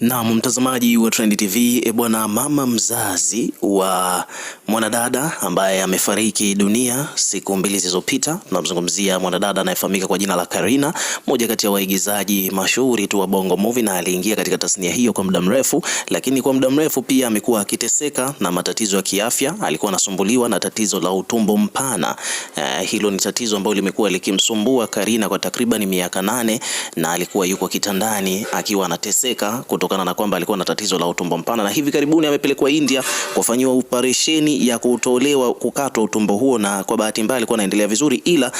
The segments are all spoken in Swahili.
Naam, mtazamaji wa Trend TV, e bwana, mama mzazi wa mwanadada ambaye amefariki dunia siku mbili zilizopita. Tunamzungumzia mwanadada anayefahamika kwa jina la Karina, moja kati ya waigizaji mashuhuri tu wa Bongo Movie, na aliingia katika tasnia hiyo kwa muda mrefu, lakini kwa muda mrefu pia amekuwa akiteseka na matatizo ya kiafya. Alikuwa anasumbuliwa na tatizo la utumbo mpana. Eh, hilo ni tatizo ambalo limekuwa likimsumbua Karina kwa takriban miaka nane na alikuwa yuko kitandani akiwa anateseka kutoka kutokana na kwamba alikuwa na tatizo la utumbo mpana, na hivi karibuni amepelekwa India kufanyiwa operesheni ya kutolewa kukatwa utumbo huo, na kwa bahati mbaya alikuwa anaendelea vizuri, ila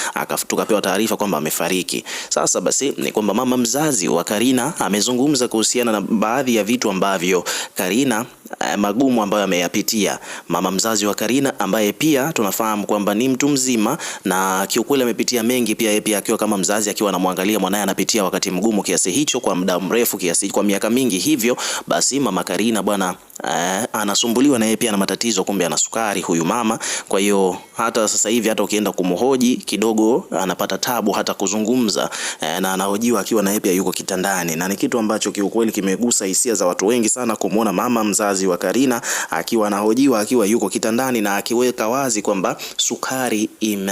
tukapewa taarifa kwamba amefariki. Sasa basi ni kwamba mama mzazi wa Karina amezungumza kuhusiana na baadhi ya vitu ambavyo Karina Eh, magumu ambayo ameyapitia mama mzazi wa Karina, ambaye pia tunafahamu kwamba ni mtu mzima na kiukweli amepitia mengi pia yeye, pia akiwa kama mzazi, akiwa anamwangalia mwanaye anapitia wakati mgumu kiasi hicho kwa muda mrefu kiasi, kwa miaka mingi. Hivyo basi mama Karina bwana Uh, anasumbuliwa na yeye pia na matatizo, kumbe ana sukari huyu mama. Kwa hiyo hata sasa hivi hata ukienda kumhoji kidogo anapata tabu hata kuzungumza, uh, na anahojiwa akiwa na yeye pia yuko kitandani, na ni kitu ambacho kiukweli kimegusa hisia za watu wengi sana, kumwona mama mzazi wa Karina akiwa anahojiwa akiwa yuko kitandani na akiweka wazi kwamba sukari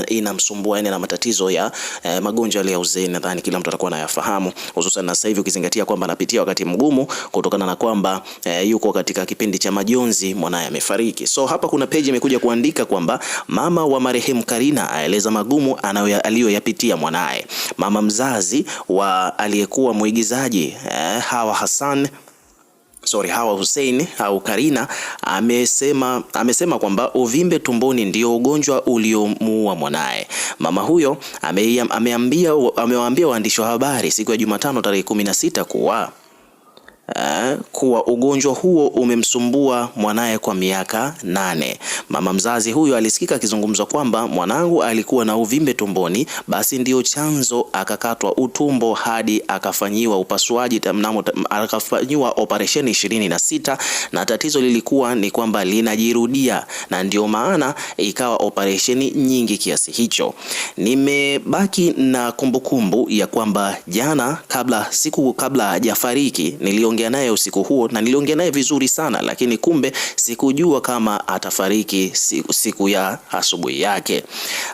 inamsumbua na matatizo ya eh, magonjwa ya uzee, Nadhani kila mtu atakuwa anayafahamu, hususan na sasa hivi ukizingatia kwamba anapitia wakati mgumu kutokana na kwamba eh, yuko katika kipindi cha majonzi, mwanaye amefariki. So hapa kuna page imekuja kuandika kwamba mama wa marehemu Karina aeleza magumu aliyoyapitia mwanaye. Mama mzazi wa aliyekuwa mwigizaji eh, Hawa Hassan sorry, Hawa Hussein au Karina amesema, amesema kwamba uvimbe tumboni ndio ugonjwa uliomuua mwanaye. Mama huyo amewaambia waandishi wa habari siku ya Jumatano tarehe 16 kuwa kuwa ugonjwa huo umemsumbua mwanaye kwa miaka nane. Mama mzazi huyo alisikika akizungumzwa kwamba mwanangu alikuwa na uvimbe tumboni, basi ndio chanzo akakatwa utumbo hadi akafanyiwa upasuaji mnamo, akafanyiwa operesheni ishirini na sita na tatizo lilikuwa ni kwamba linajirudia na ndio maana ikawa operesheni nyingi kiasi hicho. Nimebaki na kumbukumbu kumbu ya kwamba jana kabla siku kabla hajafariki nilio niliongea naye usiku huo na niliongea naye vizuri sana, lakini kumbe sikujua kama atafariki siku, siku ya asubuhi yake.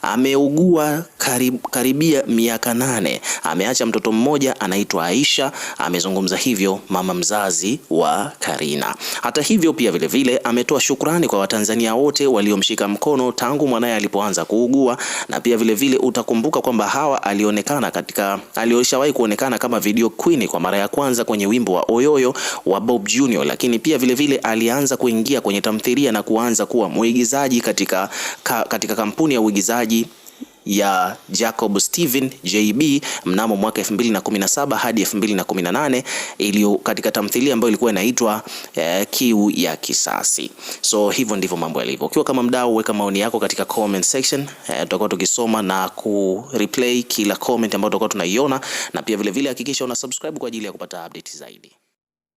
Ameugua karib, karibia miaka nane. Ameacha mtoto mmoja anaitwa Aisha. Amezungumza hivyo mama mzazi wa Karina. Hata hivyo pia vilevile vile, ametoa shukrani kwa Watanzania wote waliomshika mkono tangu mwanaye alipoanza kuugua, na pia vilevile vile utakumbuka kwamba Hawa alionekana katika alishawahi kuonekana kama video queen kwa mara ya kwanza kwenye wimbo wa Oyoyo wa Bob Junior, lakini pia vilevile vile, alianza kuingia kwenye tamthilia na kuanza kuwa mwigizaji katika, ka, katika kampuni ya uigizaji ya Jacob Steven JB mnamo mwaka 2017 hadi 2018 iliyo katika tamthilia ambayo ilikuwa inaitwa eh, Kiu ya Kisasi. So hivyo ndivyo mambo yalivyo. Ukiwa kama mdau, weka maoni yako katika comment section eh, tutakuwa tukisoma na ku replay kila comment ambayo tutakuwa tunaiona, na pia vilevile hakikisha una subscribe kwa ajili ya kupata update zaidi.